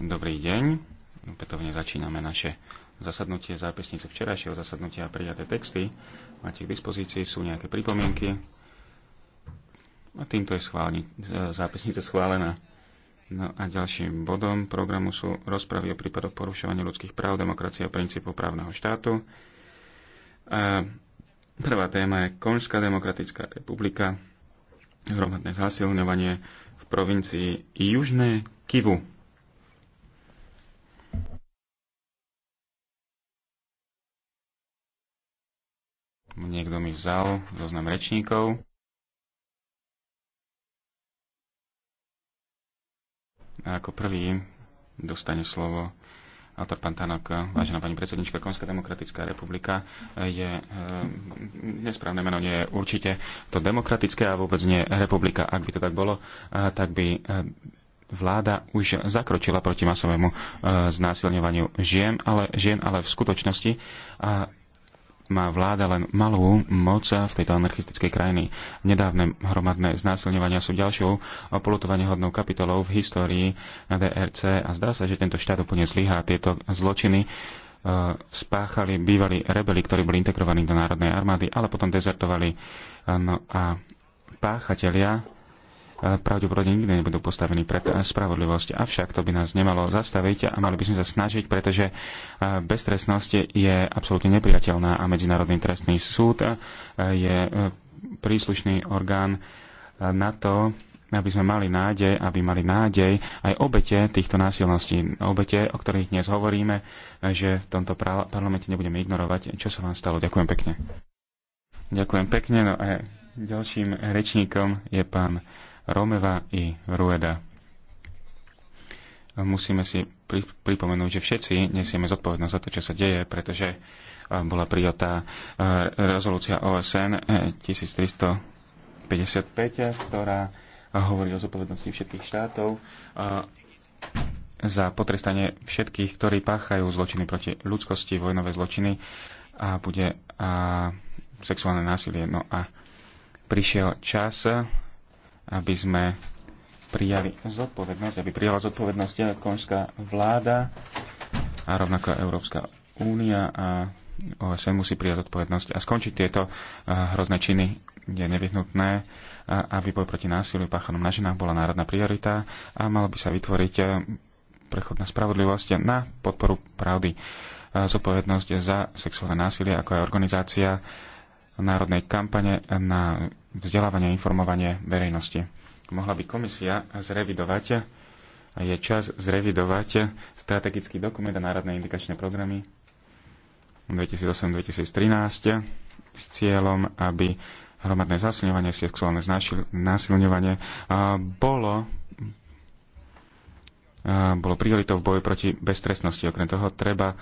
Dobrý deň. Opätovne začíname naše zasadnutie zápisnice včerajšieho zasadnutia a prijaté texty. Máte k dispozícii, sú nejaké pripomienky. A týmto je schválni, e, zápisnica schválená. No a ďalším bodom programu sú rozpravy o prípadoch porušovania ľudských práv, demokracie a princípov právneho štátu. A e, prvá téma je Konžská demokratická republika hromadné zásilňovanie v provincii Južné Kivu. Niekto mi vzal zoznam rečníkov. A ako prvý dostane slovo autor pán vážená pani predsednička, Konská demokratická republika je e, nesprávne meno, nie je určite to demokratické a vôbec nie republika. Ak by to tak bolo, e, tak by e, vláda už zakročila proti masovému znásilňovaniu žien, ale, žien, ale v skutočnosti a má vláda len malú moc v tejto anarchistickej krajiny. Nedávne hromadné znásilňovania sú ďalšou polutovanie hodnou kapitolou v histórii DRC a zdá sa, že tento štát úplne zlyhá. Tieto zločiny e, spáchali bývalí rebeli, ktorí boli integrovaní do Národnej armády, ale potom dezertovali. E, no a páchatelia pravdepodobne nikdy nebudú postavení pred spravodlivosť. Avšak to by nás nemalo zastaviť a mali by sme sa snažiť, pretože beztrestnosť je absolútne nepriateľná a Medzinárodný trestný súd je e, príslušný orgán na to, aby sme mali nádej, aby mali nádej aj obete týchto násilností. Obete, o ktorých dnes hovoríme, že v tomto parlamente nebudeme ignorovať, čo sa vám stalo. Ďakujem pekne. Ďakujem pekne. No a ďalším rečníkom je pán Romeva i Rueda. Musíme si pripomenúť, že všetci nesieme zodpovednosť za to, čo sa deje, pretože eh, bola prijatá eh, rezolúcia OSN 1355, eh, ktorá hovorí o zodpovednosti všetkých štátov za potrestanie všetkých, ktorí páchajú zločiny proti ľudskosti, vojnové zločiny a bude a sexuálne násilie. No a prišiel čas aby sme prijali zodpovednosť, aby prijala zodpovednosť konská vláda a rovnako Európska únia a OSN musí prijať zodpovednosť a skončiť tieto eh, hrozné činy. Je nevyhnutné, eh, aby boj proti násiliu páchanom na ženách bola národná priorita a malo by sa vytvoriť eh, prechodná spravodlivosť na podporu pravdy. Zodpovednosť za sexuálne násilie, ako aj organizácia národnej kampane na vzdelávanie a informovanie verejnosti. Mohla by komisia zrevidovať, je čas zrevidovať strategický dokument a národné indikačné programy 2008-2013 s cieľom, aby hromadné zasilňovanie, sexuálne násilňovanie bolo bolo prioritou v boji proti beztrestnosti. Okrem toho treba,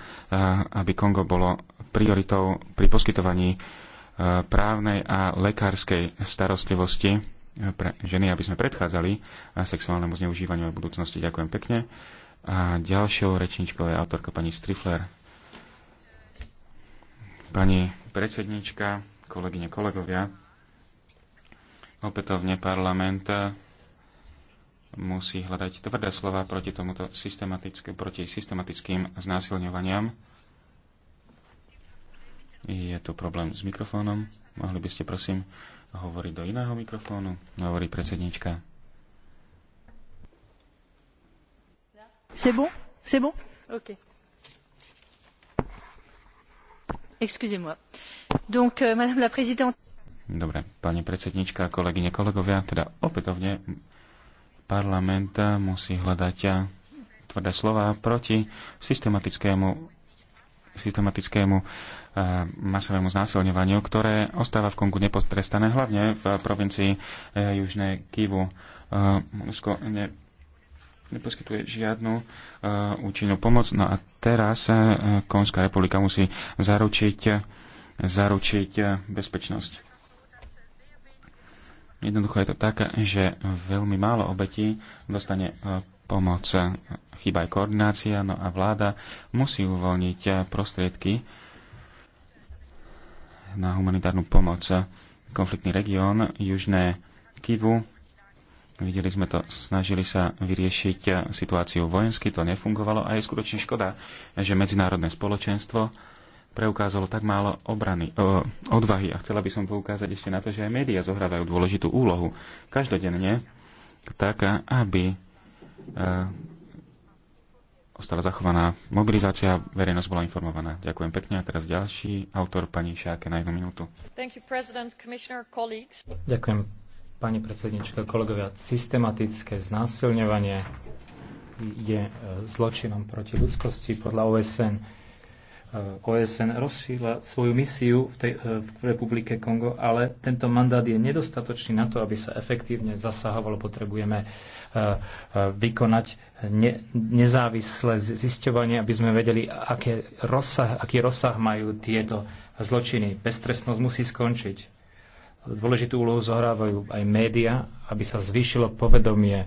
aby Kongo bolo prioritou pri poskytovaní právnej a lekárskej starostlivosti pre ženy, aby sme predchádzali sexuálnemu zneužívaniu v budúcnosti. Ďakujem pekne. A ďalšou rečničkou je autorka pani Strifler. Pani predsednička, kolegyne, kolegovia, opätovne parlament musí hľadať tvrdé slova proti, tomuto proti systematickým znásilňovaniam je tu problém s mikrofónom. Mohli by ste prosím hovoriť do iného mikrofónu, hovorí predsednička. C'est bon C'est bon Ok. Excusez-moi. Donc, euh, Madame la Présidente. Dobre, pani predsednička, kolegyne, kolegovia, teda opätovne parlament musí hľadať tvrdé slova proti systematickému systematickému eh, masovému znásilňovaniu, ktoré ostáva v Kongu nepostrestané, hlavne v provincii eh, Južnej Kivu. Monusko eh, ne, neposkytuje žiadnu účinnú pomoc. No a teraz Konská republika musí zaručiť, zaručiť bezpečnosť. Jednoducho je to tak, že veľmi málo obetí dostane pomoc, chýba aj koordinácia, no a vláda musí uvoľniť prostriedky na humanitárnu pomoc. Konfliktný región, južné Kivu, videli sme to, snažili sa vyriešiť situáciu vojensky, to nefungovalo a je skutočne škoda, že medzinárodné spoločenstvo preukázalo tak málo obrany, o, odvahy a chcela by som poukázať ešte na to, že aj médiá zohrávajú dôležitú úlohu každodenne, tak aby ostala zachovaná mobilizácia, verejnosť bola informovaná. Ďakujem pekne a teraz ďalší autor, pani Šáke, na jednu minútu. You, Ďakujem, pani predsednička, kolegovia. Systematické znásilňovanie je e, zločinom proti ľudskosti podľa OSN Eh, OSN rozšíla svoju misiu v, tej, eh, v Republike Kongo, ale tento mandát je nedostatočný na to, aby sa efektívne zasahovalo. Potrebujeme eh, vykonať ne, nezávislé zisťovanie, aby sme vedeli, aké rozsah, aký rozsah majú tieto zločiny. Bestresnosť musí skončiť. Dôležitú úlohu zohrávajú aj média, aby sa zvýšilo povedomie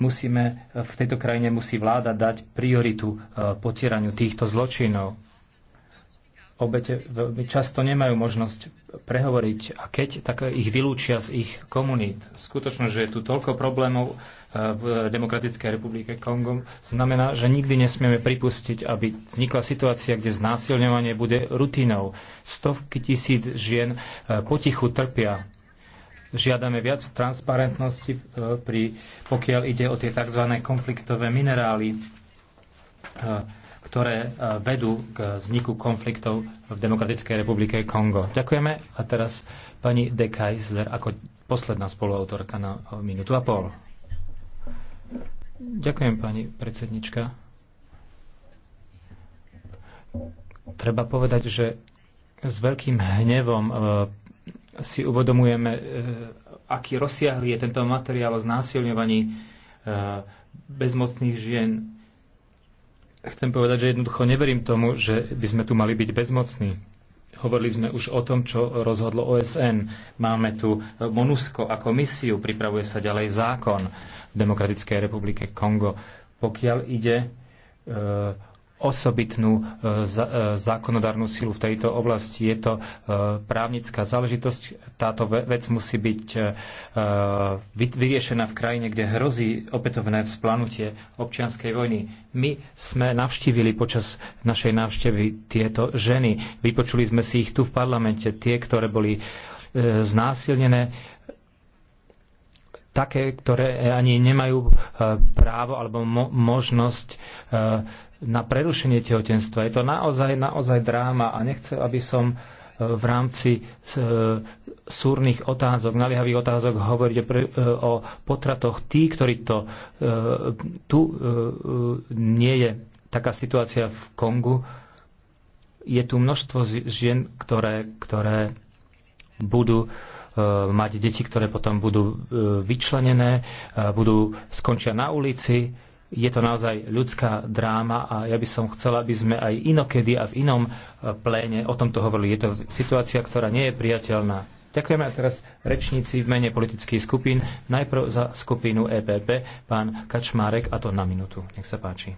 musíme, v tejto krajine musí vláda dať prioritu e, potieraniu týchto zločinov. Obete veľmi často nemajú možnosť prehovoriť a keď, tak ich vylúčia z ich komunít. Skutočnosť, že je tu toľko problémov e, v Demokratickej republike Kongo, znamená, že nikdy nesmieme pripustiť, aby vznikla situácia, kde znásilňovanie bude rutinou. Stovky tisíc žien e, potichu trpia Žiadame viac transparentnosti, e, pri, pokiaľ ide o tie tzv. konfliktové minerály, e, ktoré e, vedú k vzniku konfliktov v Demokratickej republike Kongo. Ďakujeme. A teraz pani De Kaiser ako posledná spoluautorka na minútu a pol. Ďakujem, pani predsednička. Treba povedať, že s veľkým hnevom si uvedomujeme, e, aký rozsiahlý je tento materiál o znásilňovaní e, bezmocných žien. Chcem povedať, že jednoducho neverím tomu, že by sme tu mali byť bezmocní. Hovorili sme už o tom, čo rozhodlo OSN. Máme tu MONUSCO a komisiu, pripravuje sa ďalej zákon v Demokratickej republike Kongo. Pokiaľ ide e, osobitnú e, e, zákonodárnu silu v tejto oblasti. Je to e, právnická záležitosť. Táto vec musí byť vyriešená v krajine, kde hrozí opätovné vzplanutie občianskej vojny. My sme navštívili počas našej návštevy tieto ženy. Vypočuli sme si ich tu v parlamente, tie, ktoré boli znásilnené, také, ktoré ani nemajú právo alebo mo- možnosť na prerušenie tehotenstva. Je to naozaj, naozaj dráma a nechcem, aby som e, v rámci e, súrnych otázok, naliehavých otázok hovoriť o e, potratoch tí, ktorí to tu nie je taká situácia v Kongu. Je tu množstvo žien, ktoré, ktoré budú mať deti, ktoré potom budú vyčlenené, budú skončia na ulici je to naozaj ľudská dráma a ja by som chcela, aby sme aj inokedy a v inom e, pléne o tomto hovorili. Je to situácia, ktorá nie je priateľná. Ďakujeme aj teraz rečníci v mene politických skupín. Najprv za skupinu EPP, pán Kačmárek, a to na minútu. Nech sa páči.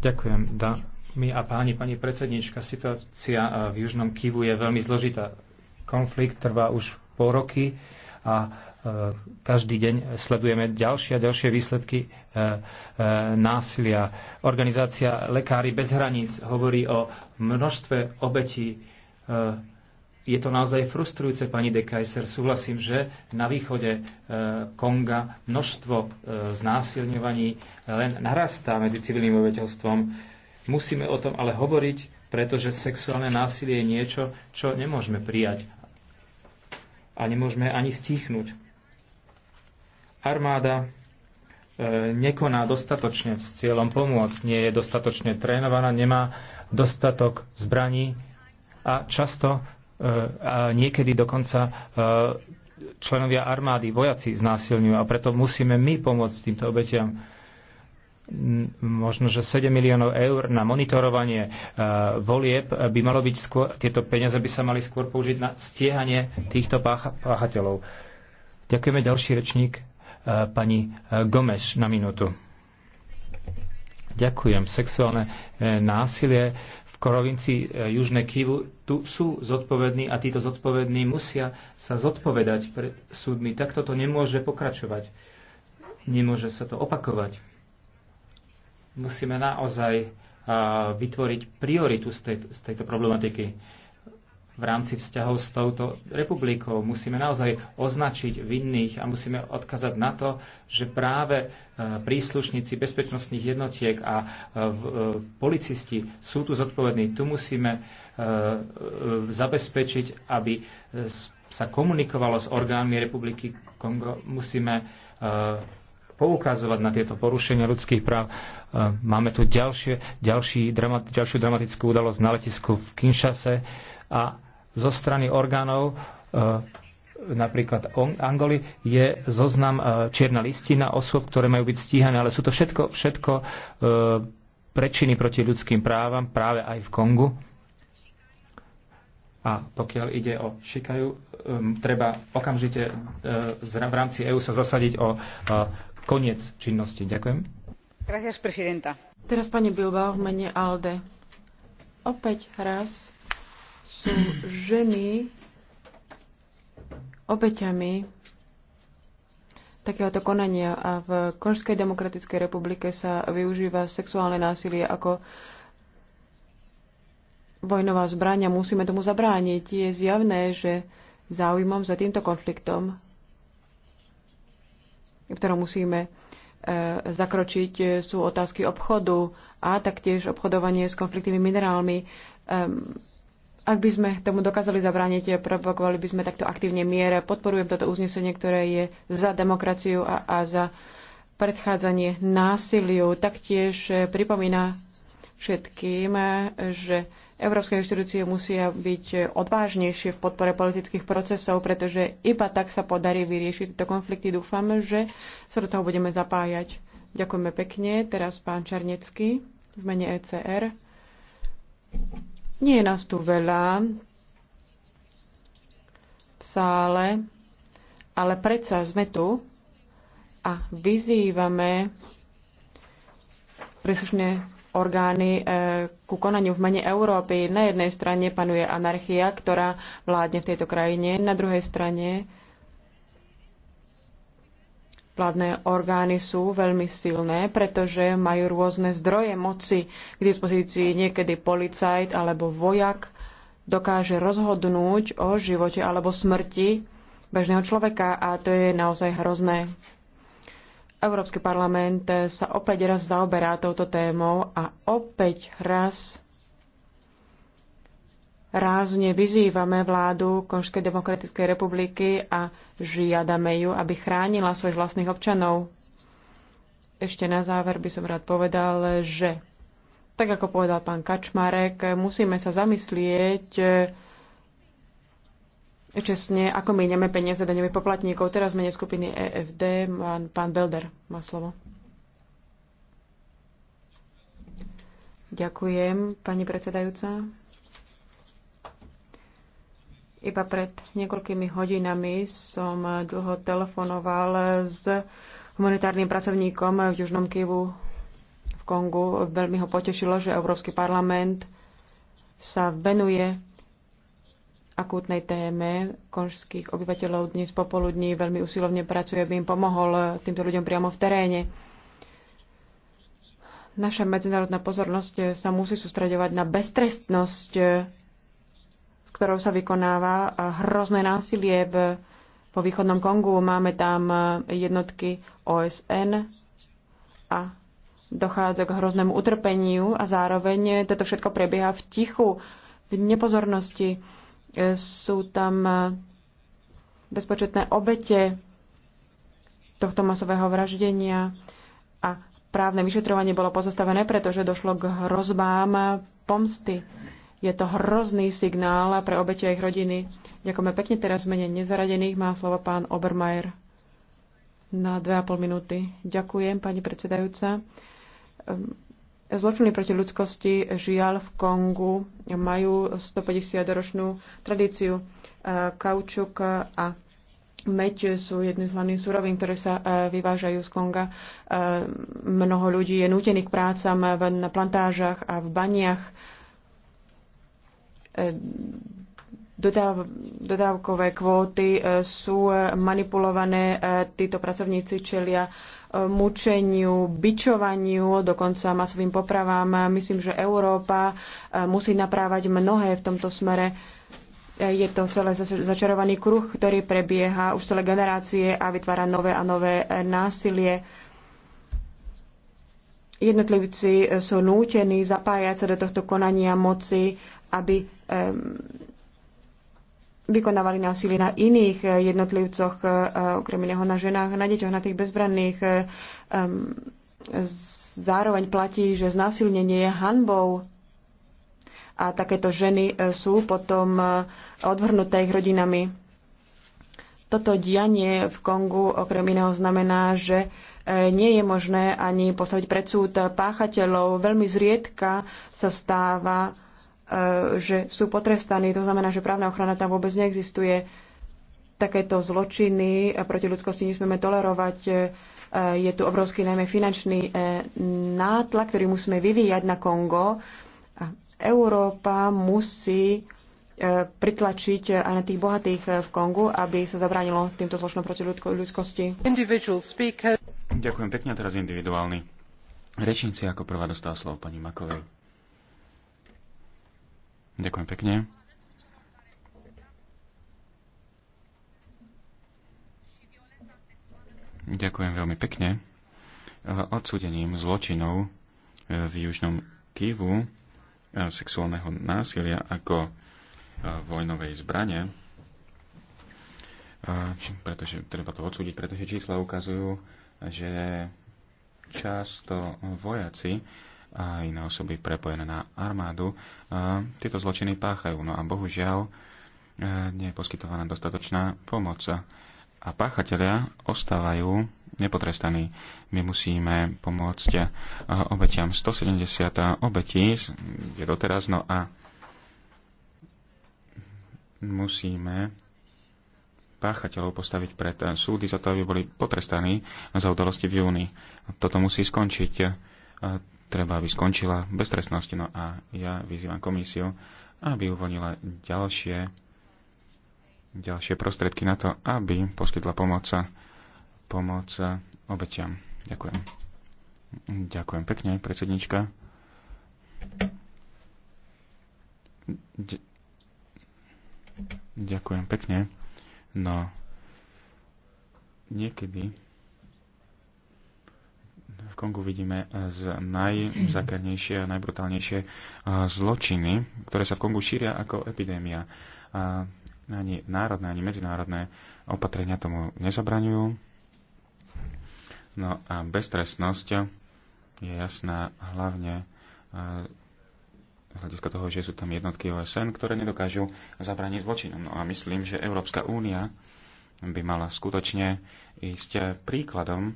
Ďakujem, dámy a páni, pani predsednička. Situácia e, v Južnom Kivu je veľmi zložitá. Konflikt trvá už pol roky a E, každý deň sledujeme ďalšie a ďalšie výsledky e, e, násilia. Organizácia Lekári bez hraníc hovorí o množstve obetí. Je to naozaj frustrujúce, pani de Kaiser. Súhlasím, že na východe Konga množstvo znásilňovaní len narastá medzi civilným obeteľstvom. Musíme o tom ale hovoriť, pretože sexuálne násilie je niečo, čo nemôžeme prijať a nemôžeme ani stichnúť Armáda e, nekoná dostatočne s cieľom pomôcť, nie je dostatočne trénovaná, nemá dostatok zbraní a často e, a niekedy dokonca e, členovia armády, vojaci znásilňujú a preto musíme my pomôcť týmto obetiam možno, že 7 miliónov eur na monitorovanie volieb by malo byť skôr, tieto peniaze by sa mali skôr použiť na stiehanie týchto páchateľov. Ďakujeme ďalší rečník pani Gomeš na minútu. Ďakujem. Sexuálne e, násilie v Korovinci e, Južné Kivu tu sú zodpovední a títo zodpovední musia sa zodpovedať pred súdmi. Takto to nemôže pokračovať. Nemôže sa to opakovať. Musíme naozaj vytvoriť prioritu z tejto problematiky v rámci vzťahov s touto republikou. Musíme naozaj označiť vinných a musíme odkazať na to, že práve e, príslušníci bezpečnostných jednotiek a e, e, policisti sú tu zodpovední. Tu musíme zabezpečiť, aby sa komunikovalo s orgánmi Republiky Kongo. Musíme poukazovať na tieto porušenia ľudských práv. Máme tu ďalšie, ďalší dramat, ďalšiu dramatickú udalosť na letisku v Kinshase a zo strany orgánov e, napríklad Angoli je zoznam e, čierna listina osôb, ktoré majú byť stíhané, ale sú to všetko, všetko e, prečiny proti ľudským právam práve aj v Kongu. A pokiaľ ide o šikajú, treba okamžite v rámci EÚ sa zasadiť o koniec činnosti. Ďakujem. Gracias, presidenta. Teraz pani Bilbao v mene ALDE. Opäť raz sú ženy obeťami takéhoto konania a v Konžskej demokratickej republike sa využíva sexuálne násilie ako vojnová zbraň a musíme tomu zabrániť. Je zjavné, že záujmom za týmto konfliktom, ktorom musíme e, zakročiť, sú otázky obchodu a taktiež obchodovanie s konfliktnými minerálmi. E, ak by sme tomu dokázali zabrániť, provokovali by sme takto aktívne mier. Podporujem toto uznesenie, ktoré je za demokraciu a, a za predchádzanie násiliu. Taktiež eh, pripomína všetkým, eh, že európske inštitúcie musia byť eh, odvážnejšie v podpore politických procesov, pretože iba tak sa podarí vyriešiť tieto konflikty. Dúfam, že sa do toho budeme zapájať. Ďakujeme pekne. Teraz pán Čarnecký v mene ECR. Nie je nás tu veľa v sále, ale predsa sme tu a vyzývame príslušné orgány eh, ku konaniu v mene Európy. Na jednej strane panuje anarchia, ktorá vládne v tejto krajine, na druhej strane Vládne orgány sú veľmi silné, pretože majú rôzne zdroje moci k dispozícii. Niekedy policajt alebo vojak dokáže rozhodnúť o živote alebo smrti bežného človeka a to je naozaj hrozné. Európsky parlament sa opäť raz zaoberá touto témou a opäť raz rázne vyzývame vládu Konžskej demokratickej republiky a žiadame ju, aby chránila svojich vlastných občanov. Ešte na záver by som rád povedal, že tak ako povedal pán Kačmarek, musíme sa zamyslieť eh, čestne, ako míňame peniaze daňových poplatníkov. Teraz mene skupiny EFD pán, pán Belder má slovo. Ďakujem, pani predsedajúca. Iba pred niekoľkými hodinami som dlho telefonoval s humanitárnym pracovníkom v Južnom Kivu v Kongu. Veľmi ho potešilo, že Európsky parlament sa venuje akútnej téme konžských obyvateľov dnes popoludní. Veľmi usilovne pracuje, aby im pomohol týmto ľuďom priamo v teréne. Naša medzinárodná pozornosť sa musí sústredovať na beztrestnosť s ktorou sa vykonáva eh, hrozné násilie v, po východnom Kongu. Máme tam eh, jednotky OSN a dochádza k hroznému utrpeniu a zároveň toto všetko prebieha v tichu, v nepozornosti. Eh, sú tam bezpočetné obete tohto masového vraždenia a právne vyšetrovanie bolo pozastavené, pretože došlo k hrozbám pomsty. Je to hrozný signál pre obete a ich rodiny. Ďakujeme pekne. Teraz v mene nezaradených má slovo pán Obermajer na 2,5 minúty. Ďakujem, pani predsedajúca. Ehm, zločiny proti ľudskosti žiaľ v Kongu majú 150-ročnú tradíciu. Ehm, kaučuk a meď sú jedny z hlavných surovín, ktoré sa ehm, vyvážajú z Konga. Mnoho ľudí je nútených k prácam na plantážach a v baniach E, dodáv, dodávkové kvóty e, sú manipulované, e, títo pracovníci čelia mučeniu, bičovaniu, dokonca masovým popravám. Myslím, že Európa musí naprávať mnohé v tomto smere. Je to celé začarovaný kruh, ktorý prebieha už celé generácie a vytvára nové a nové násilie jednotlivci sú nútení zapájať sa do tohto konania moci aby vykonávali násilie na iných eh, jednotlivcoch, eh, okrem iného na ženách, na deťoch, na tých bezbranných. Eh, zároveň platí, že znásilnenie je hanbou a takéto ženy sú potom odvrhnuté ich rodinami. Toto dianie v Kongu okrem iného znamená, že nie je možné ani postaviť pred súd páchateľov. Veľmi zriedka sa stáva Eh, že sú potrestaní. To znamená, že právna ochrana tam vôbec neexistuje. Takéto zločiny eh, proti ľudskosti nesmieme tolerovať. Eh, je tu obrovský najmä finančný nátlak, ktorý musíme vyvíjať na Kongo. Európa musí pritlačiť aj na tých bohatých v Kongu, aby sa zabránilo týmto zločinom proti ľudskosti. Ďakujem pekne, teraz individuálny. Rečníci ako prvá dostal slovo pani Makovej. Ďakujem pekne. Ďakujem veľmi pekne. Odsúdením zločinov e, v Južnom Kivu e, sexuálneho násilia ako e, vojnovej zbrane, pretože treba to odsúdiť, pretože čísla ukazujú, že často vojaci a iné osoby prepojené na armádu e, tieto zločiny páchajú. No a bohužiaľ e, nie je poskytovaná dostatočná pomoc. A páchatelia ostávajú nepotrestaní. My musíme pomôcť e, obetiam 170 obetí, je doteraz, no a musíme páchateľov postaviť pred súdy za to, aby boli potrestaní za udalosti v júni. Toto musí skončiť treba, aby skončila bez trestnosti. No a ja vyzývam komisiu, aby uvolnila ďalšie, ďalšie prostriedky na to, aby poskytla pomoc, pomoc obeťam. Ďakujem. Ďakujem pekne, predsednička. Ďakujem pekne. No, niekedy v Kongu vidíme eh, z najzakernejšie a najbrutálnejšie eh, zločiny, ktoré sa v Kongu šíria ako epidémia. A ani národné, ani medzinárodné opatrenia tomu nezabraňujú. No a beztrestnosť je jasná hlavne eh, z hľadiska toho, že sú tam jednotky OSN, ktoré nedokážu zabraniť zločinom. No a myslím, že Európska únia by mala skutočne ísť príkladom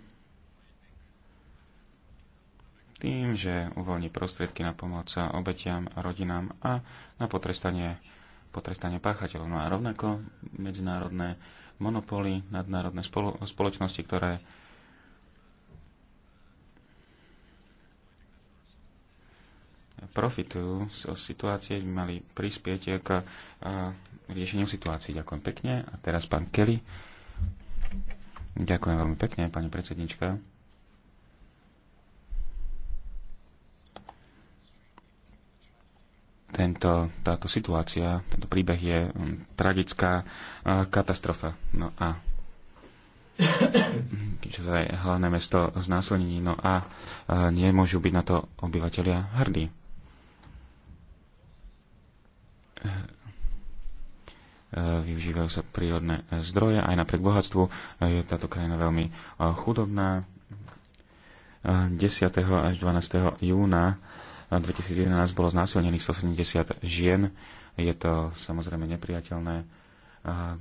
tým, že uvoľní prostriedky na pomoc obetiam, a rodinám a na potrestanie, potrestanie páchateľov. No a rovnako medzinárodné monopoly, nadnárodné spolo- spoločnosti, ktoré profitujú z situácie, by mali prispieť k riešeniu situácií. Ďakujem pekne. A teraz pán Kelly. Ďakujem veľmi pekne, pani predsednička. Tento, táto situácia, tento príbeh je um, tragická uh, katastrofa. No a keďže to je hlavné mesto znásilnení, no a uh, nemôžu byť na to obyvateľia hrdí. Uh, využívajú sa prírodné zdroje, aj napriek bohatstvu je táto krajina veľmi chudobná. 10. až 12. júna 2011 bolo znásilnených 170 žien. Je to samozrejme nepriateľné.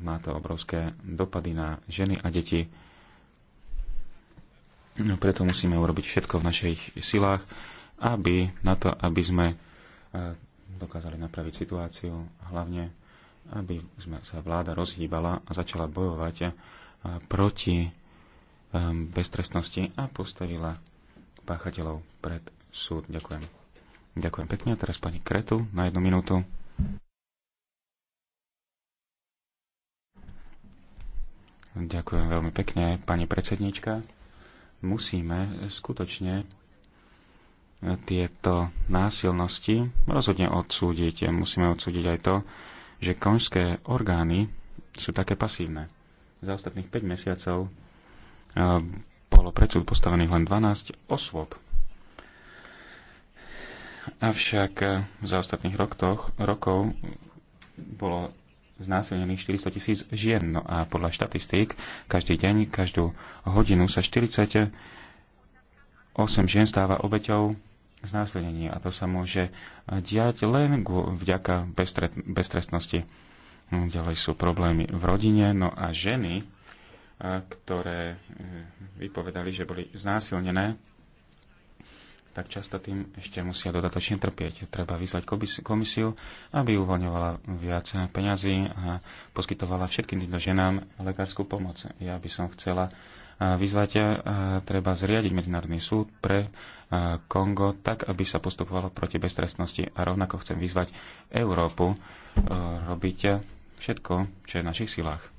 Má to obrovské dopady na ženy a deti. No, preto musíme urobiť všetko v našich silách, aby na to, aby sme e, dokázali napraviť situáciu, hlavne aby sme sa vláda rozhýbala a začala bojovať e, proti e, beztrestnosti a postavila páchateľov pred súd. Ďakujem. Ďakujem pekne. A teraz pani Kretu na jednu minútu. Ďakujem veľmi pekne, pani predsednička. Musíme skutočne tieto násilnosti rozhodne odsúdiť. Musíme odsúdiť aj to, že konžské orgány sú také pasívne. Za ostatných 5 mesiacov eh, bolo predsud postavených len 12 osôb. Avšak eh, za ostatných roktoch, rokov bolo znásilnených 400 tisíc žien. No a podľa štatistík, každý deň, každú hodinu sa 48 žien stáva obeťou znásilnenia. A to sa môže diať len vďaka beztrestnosti. No, ďalej sú problémy v rodine. No a ženy, eh, ktoré eh, vypovedali, že boli znásilnené, tak často tým ešte musia dodatočne trpieť. Treba vyzvať komisiu, aby uvoľňovala viac peňazí a poskytovala všetkým týmto ženám lekárskú pomoc. Ja by som chcela vyzvať, treba zriadiť Medzinárodný súd pre Kongo tak, aby sa postupovalo proti beztrestnosti. A rovnako chcem vyzvať Európu robiť všetko, čo je v našich silách.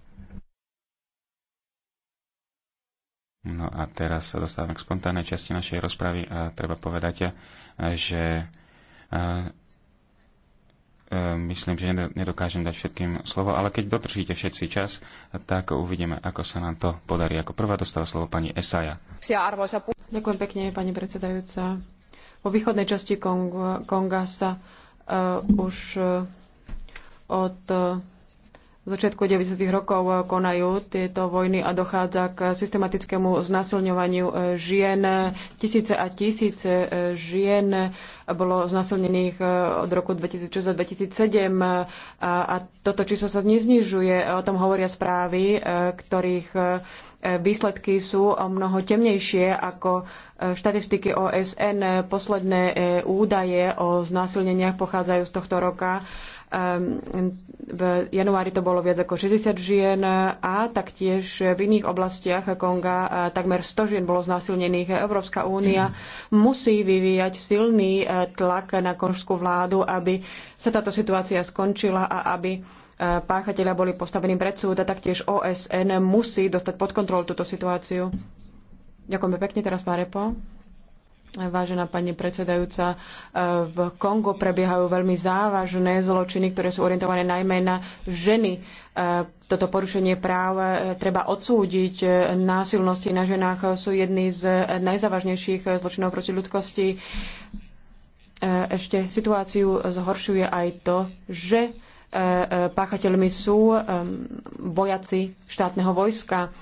No a teraz sa dostávame k spontánnej časti našej rozpravy a treba povedať, eh, že eh, eh, myslím, že nedokážem dať všetkým slovo, ale keď dotržíte všetci čas, tak uvidíme, ako sa nám to podarí. Ako prvá dostala slovo pani Esaja. Ďakujem pekne, pani predsedajúca. Po východnej časti Konga, Konga sa uh, už uh, od uh, začiatku 90. rokov konajú tieto vojny a dochádza k systematickému znasilňovaniu e, žien. Tisíce a tisíce e, žien bolo znasilnených e, od roku 2006 a 2007 a, a toto číslo sa neznižuje. O tom hovoria správy, ktorých výsledky sú o mnoho temnejšie ako štatistiky OSN. Posledné údaje o znásilneniach pochádzajú z tohto roka Ehm, v januári to bolo viac ako 60 žien a taktiež v iných oblastiach Konga takmer 100 žien bolo znásilnených. Európska únia musí vyvíjať silný e, tlak na konžskú vládu, aby sa táto situácia skončila a aby e, páchatelia boli postavení pred súd a taktiež OSN musí dostať pod kontrolu túto situáciu. Ďakujeme pekne, teraz pán Repo. Vážená pani predsedajúca, e, v Kongu prebiehajú veľmi závažné zločiny, ktoré sú orientované najmä na ženy. E, toto porušenie práv e, treba odsúdiť. Násilnosti na ženách sú jedny z najzávažnejších zločinov proti ľudskosti. Ešte situáciu zhoršuje aj to, že páchateľmi sú vojaci štátneho vojska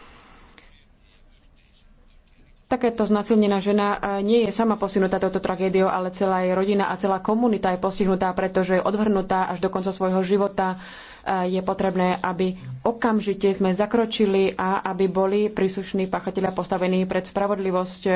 Takéto znasilnená žena e, nie je sama posunutá touto tragédiou, ale celá jej rodina a celá komunita je postihnutá, pretože je odvrhnutá až do konca svojho života. E, je potrebné, aby okamžite sme zakročili a aby boli príslušní pachatelia postavení pred spravodlivosť. E,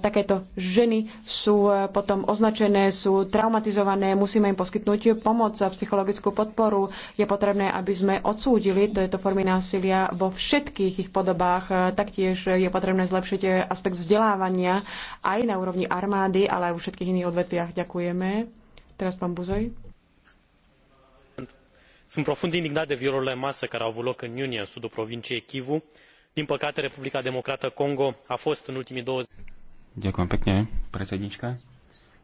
takéto ženy sú potom označené, sú traumatizované, musíme im poskytnúť pomoc a psychologickú podporu. Je potrebné, aby sme odsúdili tieto formy násilia vo všetkých ich podobách. Taktiež je potrebné zlepšiť aspekt vzdelávania aj na úrovni armády, ale aj vo všetkých iných odvetviach. Ďakujeme. Teraz pán Buzoj. Sunt profund indignat de violurile în masă care au avut loc în iunie în sudul provinciei Kivu. Din păcate, Republica Democrată Congo a fost în ultimii 20... Ďakujem pekne, predsednička.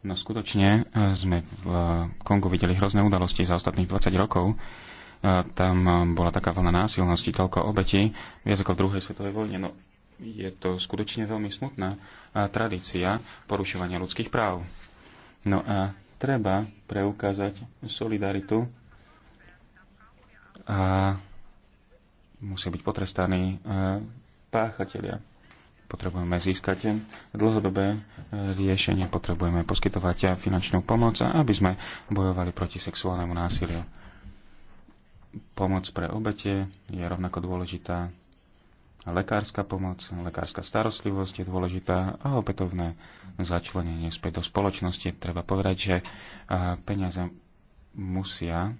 No skutočne e, sme v e, Kongu videli hrozné udalosti za ostatných 20 rokov e, tam bola taká vlna násilnosti, toľko obeti, viac ako v druhej svetovej vojne. No, je to skutočne veľmi smutná tradícia porušovania ľudských práv. No a treba preukázať solidaritu a musia byť potrestaní e, páchatelia. Potrebujeme získať dlhodobé e, riešenie, potrebujeme poskytovať finančnú pomoc, aby sme bojovali proti sexuálnemu násiliu. Pomoc pre obete je rovnako dôležitá lekárska pomoc, lekárska starostlivosť je dôležitá a opätovné začlenenie späť do spoločnosti. Treba povedať, že peniaze musia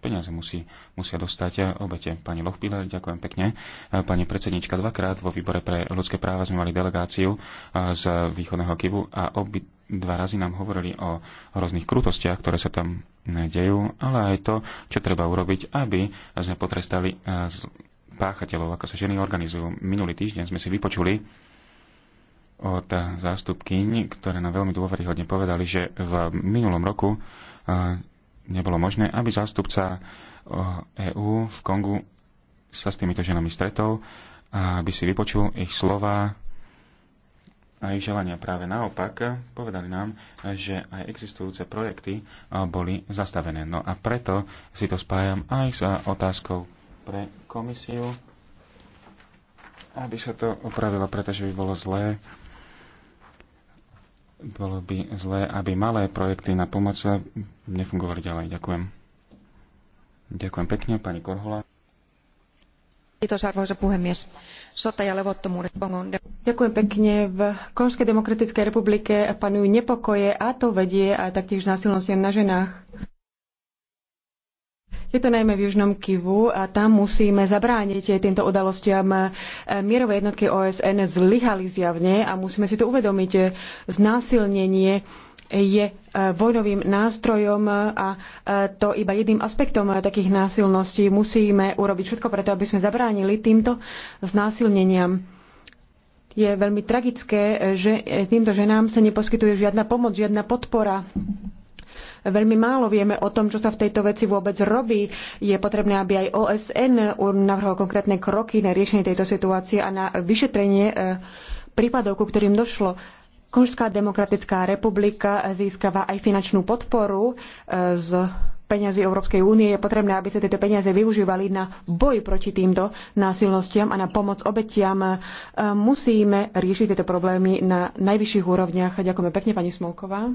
peniaze musí, musia dostať obete. Pani Lochpiller, ďakujem pekne. Pani predsednička, dvakrát vo výbore pre ľudské práva sme mali delegáciu z východného Kivu a obi dva razy nám hovorili o rôznych krutostiach, ktoré sa tam dejú, ale aj to, čo treba urobiť, aby sme potrestali páchateľov, ako sa ženy organizujú. Minulý týždeň sme si vypočuli od zástupkyň, ktoré nám veľmi dôveryhodne povedali, že v minulom roku eh, nebolo možné, aby zástupca EÚ eh, e v Kongu sa s týmito ženami stretol a aby si vypočul ich slova a ich želania. Práve naopak eh, povedali nám, že aj existujúce projekty boli zastavené. No a preto si to spájam aj s otázkou pre komisiu, aby sa to opravilo, pretože by bolo zlé, bolo by zlé, aby malé projekty na pomoc nefungovali ďalej. Ďakujem. Ďakujem pekne, pani Korhola. Ďakujem pekne. V Konskej demokratickej republike panujú nepokoje a to vedie aj taktiež násilnostiam na ženách. Je to najmä v Južnom Kivu a tam musíme zabrániť týmto udalostiam. Mierové jednotky OSN zlyhali zjavne a musíme si to uvedomiť. Znásilnenie je e, vojnovým nástrojom a e, to iba jedným aspektom takých násilností. Musíme urobiť všetko preto, aby sme zabránili týmto znásilneniam. Je veľmi tragické, že e, týmto ženám sa neposkytuje žiadna pomoc, žiadna podpora Veľmi málo vieme o tom, čo sa v tejto veci vôbec robí. Je potrebné, aby aj OSN navrhol konkrétne kroky na riešenie tejto situácie a na vyšetrenie e, prípadov, ku ktorým došlo. Konžská demokratická republika získava aj finančnú podporu e, z peniazy Európskej únie. Je potrebné, aby sa tieto peniaze využívali na boj proti týmto násilnostiam a na pomoc obetiam. E, musíme riešiť tieto problémy na najvyšších úrovniach. Ďakujeme pekne, pani Smolková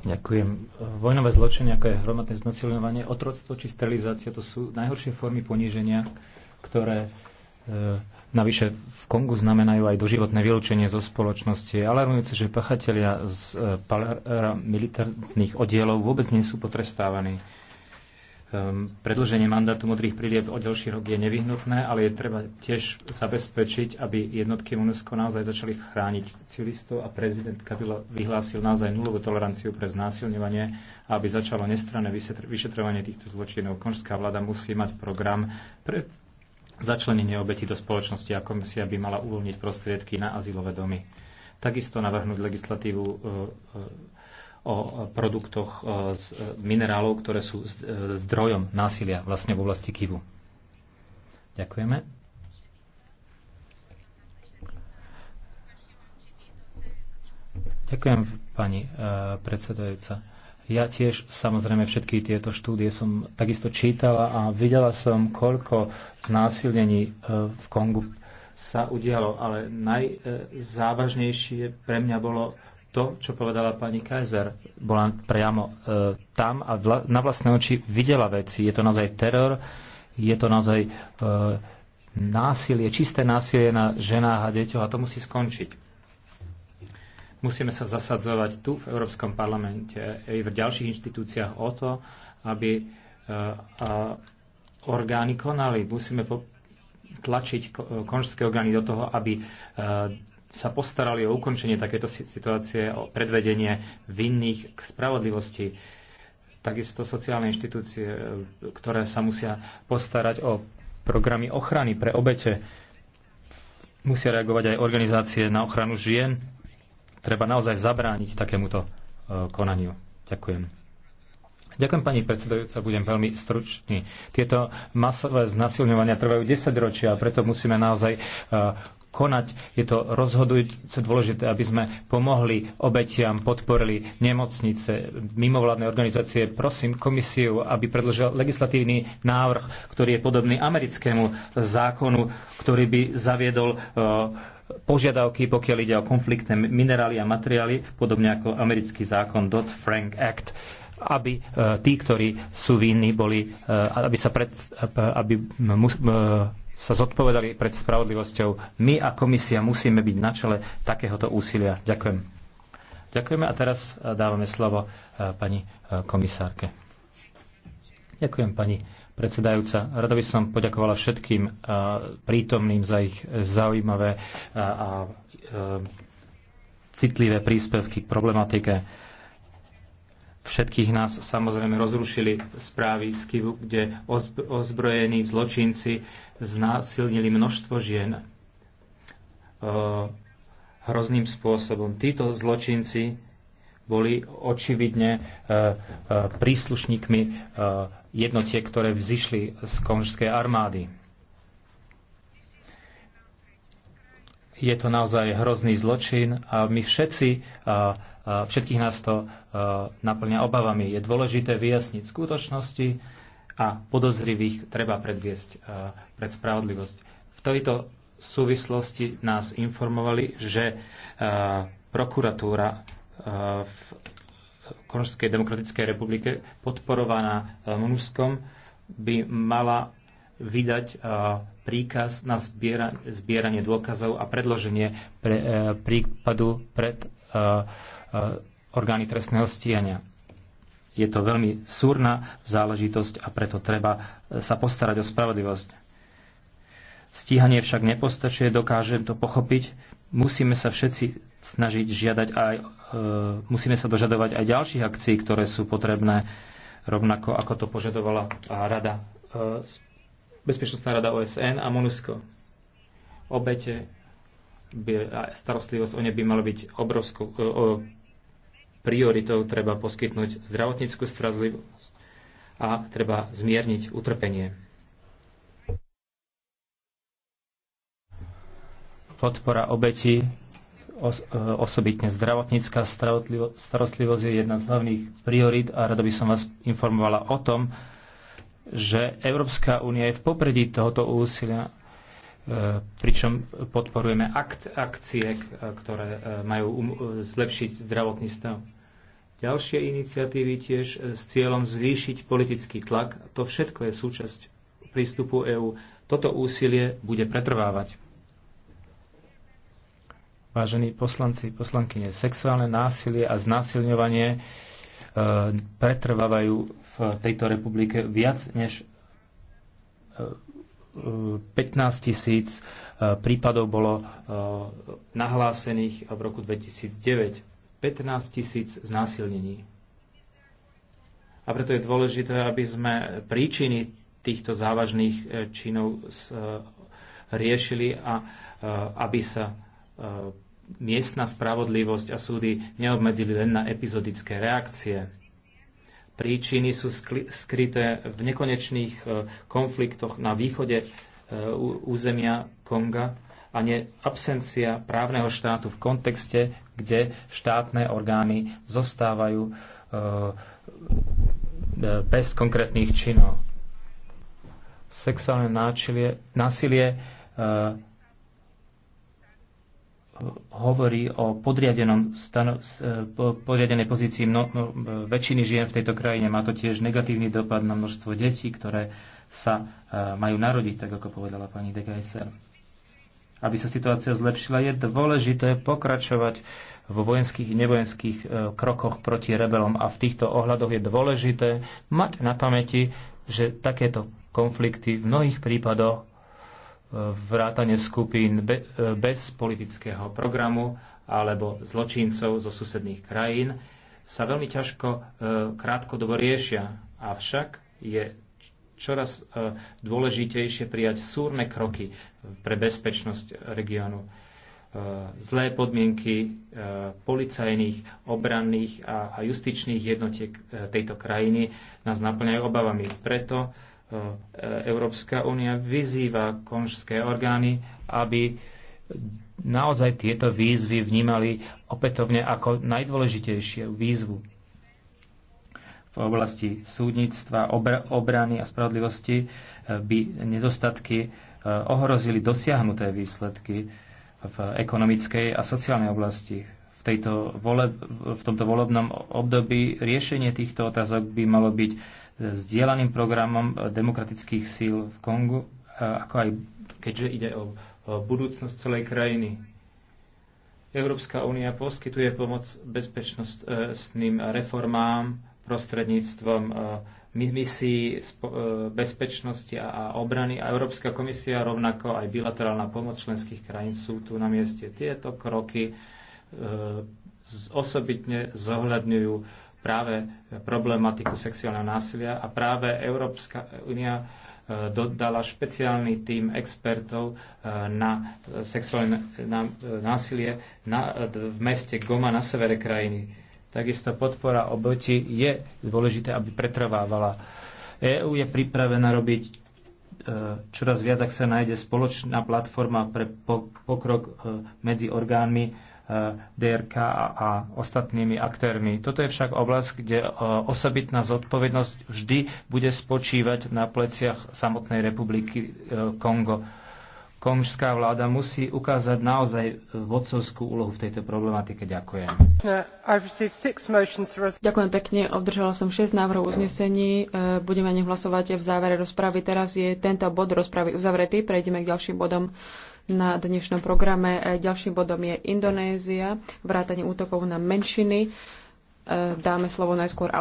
Ďakujem. Vojnové zločiny, ako je hromadné znasilňovanie, otroctvo či sterilizácia, to sú najhoršie formy poníženia, ktoré e, navyše v Kongu znamenajú aj doživotné vylúčenie zo spoločnosti. Je alarmujúce, že pachatelia z e, militárnych oddielov vôbec nie sú potrestávaní. Ehm, predlženie mandátu modrých prilieb o ďalší rok je nevyhnutné, ale je treba tiež zabezpečiť, aby jednotky UNESCO naozaj začali chrániť civilistov a prezident Kabila vyhlásil naozaj nulovú toleranciu pre znásilňovanie a aby začalo nestranné vyšetrovanie týchto zločinov. Konžská vláda musí mať program pre začlenenie obeti do spoločnosti a komisia by mala uvoľniť prostriedky na azylové domy. Takisto navrhnúť legislatívu e, e, o produktoch e, z e, minerálov, ktoré sú e, zdrojom násilia vlastne v oblasti Kivu. Ďakujeme. Ďakujem, pani predsedajúca. Ja tiež samozrejme všetky tieto štúdie som takisto čítala a videla som, koľko znásilnení v Kongu sa udialo, ale najzávažnejšie pre mňa bolo to, čo povedala pani Kaiser, bola priamo e, tam a vla, na vlastné oči videla veci. Je to naozaj teror, je to naozaj e, násilie, čisté násilie na ženách a deťoch a to musí skončiť. Musíme sa zasadzovať tu v Európskom parlamente aj v ďalších inštitúciách o to, aby e, a, orgány konali. Musíme po, tlačiť e, konžské orgány do toho, aby e, sa postarali o ukončenie takéto situácie, o predvedenie vinných k spravodlivosti. Takisto sociálne inštitúcie, e, ktoré sa musia postarať o programy ochrany pre obete, musia reagovať aj organizácie na ochranu žien. Treba naozaj zabrániť takémuto e, konaniu. Ďakujem. Ďakujem pani predsedajúca, budem veľmi stručný. Tieto masové znasilňovania trvajú 10 ročia, preto musíme naozaj e, konať. Je to rozhodujúce dôležité, aby sme pomohli obetiam, podporili nemocnice, mimovládne organizácie. Prosím komisiu, aby predložil legislatívny návrh, ktorý je podobný americkému zákonu, ktorý by zaviedol e, požiadavky, pokiaľ ide o konfliktné minerály a materiály, podobne ako americký zákon Dodd-Frank Act aby e, tí, ktorí sú vinní, boli, e, aby, sa pred, aby sa zodpovedali pred spravodlivosťou. My a komisia musíme byť na čele takéhoto úsilia. Ďakujem. Ďakujeme a teraz eh, dávame slovo eh, pani eh, komisárke. Ďakujem pani predsedajúca. Rado by som poďakovala všetkým prítomným za ich zaujímavé a citlivé príspevky k problematike. Všetkých nás samozrejme rozrušili správy z Kivu, kde ozbrojení zločinci znásilnili množstvo žien e, hrozným spôsobom. Títo zločinci boli očividne e, e, príslušníkmi jednotiek, ktoré vzýšli z konžskej armády. je to naozaj hrozný zločin a my všetci, a, a všetkých nás to a, naplňa obavami. Je dôležité vyjasniť skutočnosti, a podozrivých treba predviesť e, pred spravodlivosť. V tejto súvislosti nás informovali, že e, prokuratúra e, v Konžskej demokratickej republike podporovaná MNUSKom by mala vydať príkaz na zbieranie dôkazov a predloženie prípadu pred orgány trestného stíhania. Je to veľmi súrna záležitosť a preto treba e, sa postarať o spravodlivosť. Stíhanie však nepostačuje, dokážem to pochopiť. Musíme sa všetci snažiť žiadať aj, e, musíme sa dožadovať aj ďalších akcií, ktoré sú potrebné, rovnako ako to požadovala rada, e, Bezpečnostná rada OSN a MONUSCO. Obete by, a starostlivosť o ne by malo byť obrovskou, e, prioritou treba poskytnúť zdravotníckú strazlivosť a treba zmierniť utrpenie. Podpora obeti, e, osobitne zdravotnícká starostlivosť je jedna z hlavných priorit a rada by som vás informovala o tom, že Európska únia je v popredí tohoto úsilia E, pričom podporujeme akcie, ktoré e, majú um, zlepšiť zdravotný stav. Ďalšie iniciatívy tiež e, s cieľom zvýšiť politický tlak, to všetko je súčasť prístupu EÚ. Toto úsilie bude pretrvávať. Vážení poslanci, poslankyne, sexuálne násilie a znásilňovanie pretrvávajú v tejto republike viac než 15 tisíc e, prípadov bolo e, nahlásených v roku 2009. 15 tisíc znásilnení. A preto je dôležité, aby sme príčiny týchto závažných e, činov riešili a aby sa miestna spravodlivosť a súdy neobmedzili len na epizodické reakcie. Príčiny sú skryté v nekonečných e, konfliktoch na východe e, územia Konga a nie absencia právneho štátu v kontexte, kde štátne orgány zostávajú e, bez konkrétnych činov. Sexuálne násilie hovorí o podriadenom stano, e, podriadenej pozícii mno, no, väčšiny žien v tejto krajine. Má to tiež negatívny dopad na množstvo detí, ktoré sa e, majú narodiť, tak ako povedala pani de Aby sa situácia zlepšila, je dôležité pokračovať vo vojenských i nevojenských e, krokoch proti rebelom a v týchto ohľadoch je dôležité mať na pamäti, že takéto konflikty v mnohých prípadoch vrátane skupín bez politického programu alebo zločincov zo susedných krajín sa veľmi ťažko e, krátkodobo riešia. Avšak je čoraz e, dôležitejšie prijať súrne kroky pre bezpečnosť regiónu. E, zlé podmienky policajných, obranných a justičných jednotiek tejto krajiny nás naplňajú obavami. Preto Európska únia vyzýva konžské orgány, aby naozaj tieto výzvy vnímali opätovne ako najdôležitejšie výzvu v oblasti súdnictva, obr- obrany a spravodlivosti eh, by nedostatky eh, ohrozili dosiahnuté výsledky v ekonomickej a sociálnej oblasti. V, tejto vole- v tomto volebnom období riešenie týchto otázok by malo byť sdielaným programom demokratických síl v Kongu, e, ako aj keďže ide o budúcnosť celej krajiny. Európska únia poskytuje pomoc bezpečnostným reformám prostredníctvom e, misií e, bezpečnosti a obrany a Európska komisia rovnako aj bilaterálna pomoc členských krajín sú tu na mieste. Tieto kroky osobitne zohľadňujú práve problematiku sexuálneho násilia a práve Európska únia e, dodala špeciálny tím expertov e, na sexuálne e, násilie na, v meste Goma na severe krajiny. Takisto podpora obeti je dôležité, aby pretrvávala. EÚ je pripravená robiť čoraz viac, ak sa nájde spoločná platforma pre pokrok medzi orgánmi DRK a ostatnými aktérmi. Toto je však oblasť, kde e, osobitná zodpovednosť vždy bude spočívať na pleciach samotnej republiky e, Kongo. Konžská vláda musí ukázať naozaj vodcovskú úlohu v tejto problematike. Ďakujem. Ďakujem pekne. Obdržala som 6 návrhov uznesení. E, budeme o hlasovať v závere rozpravy. Teraz je tento bod rozpravy uzavretý. Prejdeme k ďalším bodom na dnešnom programe. E, ďalším bodom je Indonézia, vrátanie útokov na menšiny. E, dáme slovo najskôr